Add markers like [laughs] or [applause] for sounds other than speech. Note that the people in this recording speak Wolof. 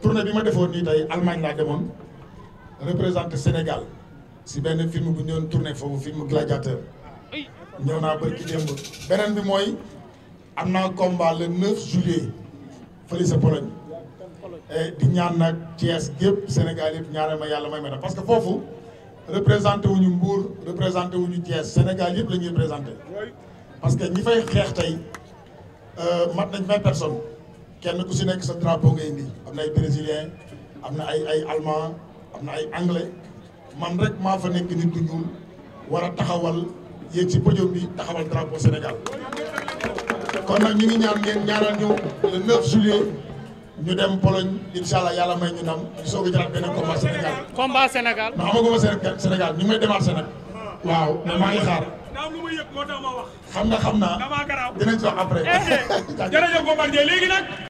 tournée bi ma defoon nii tey Allemagne laa demoon représenté Sénégal si benn film bu ñu doon tourné foofu film gladiateur ñëw naa bërki démb beneen bi mooy am naa combat le 9 juillet fële sa Pologne di ñaan nag Thiès yëpp Sénégal yëpp ñaanal ma yàlla may ma parce que foofu représenté wuñu Mbour représenté wuñu Thiès Sénégal yëpp la ñuy représenté que ñi fay xeex tey euh, mat nañ vingt personnes kenn ku si sa drapeau ngay indi am am na ay ay allemand am na ay anglais man rek maa fa nekk nit taxawal yéeg si podium bi taxawal drapeau Sénégal kon nag ñu ngi ñaan ngeen ñaanal ñu le 9 juillet ñu dem Pologne incha allah yàlla may ñu ndam ñu soog a jëlaat beneen combat Sénégal. combat Sénégal. non amaguma Sénégal ñu may démarché nag. waaw mais maa xam nga xam naa. damaa garaaw après. Eh, eh. [laughs] léegi nag.